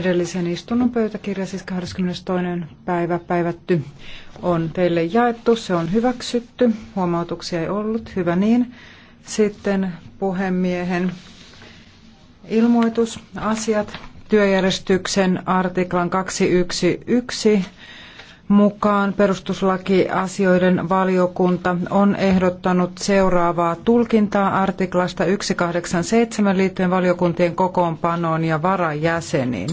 Edellisen istunnon pöytäkirja, siis 22. päivä päivätty, on teille jaettu. Se on hyväksytty. Huomautuksia ei ollut. Hyvä niin. Sitten puhemiehen ilmoitusasiat. Työjärjestyksen artiklan 211 mukaan perustuslakiasioiden valiokunta on ehdottanut seuraavaa tulkintaa artiklasta 187 liittyen valiokuntien kokoonpanoon ja varajäseniin.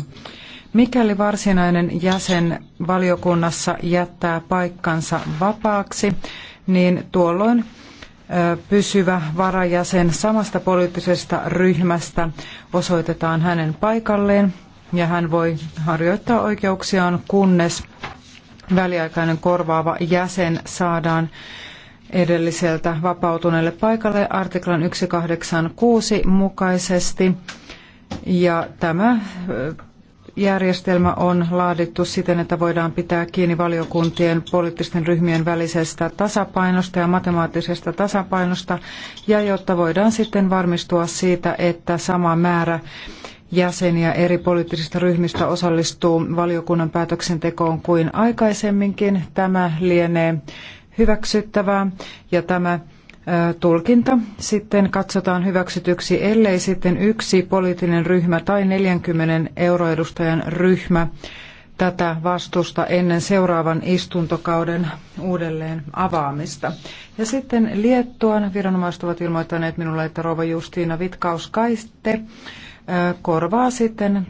Mikäli varsinainen jäsen valiokunnassa jättää paikkansa vapaaksi, niin tuolloin pysyvä varajäsen samasta poliittisesta ryhmästä osoitetaan hänen paikalleen ja hän voi harjoittaa oikeuksiaan, kunnes väliaikainen korvaava jäsen saadaan edelliseltä vapautuneelle paikalle artiklan 186 mukaisesti. Ja tämä järjestelmä on laadittu siten, että voidaan pitää kiinni valiokuntien poliittisten ryhmien välisestä tasapainosta ja matemaattisesta tasapainosta, ja jotta voidaan sitten varmistua siitä, että sama määrä jäseniä eri poliittisista ryhmistä osallistuu valiokunnan päätöksentekoon kuin aikaisemminkin. Tämä lienee hyväksyttävää ja tämä tulkinta sitten katsotaan hyväksytyksi, ellei sitten yksi poliittinen ryhmä tai 40 euroedustajan ryhmä tätä vastusta ennen seuraavan istuntokauden uudelleen avaamista. Ja sitten Liettuan viranomaiset ovat ilmoittaneet minulle, että rouva Justiina vitkaus korvaa sitten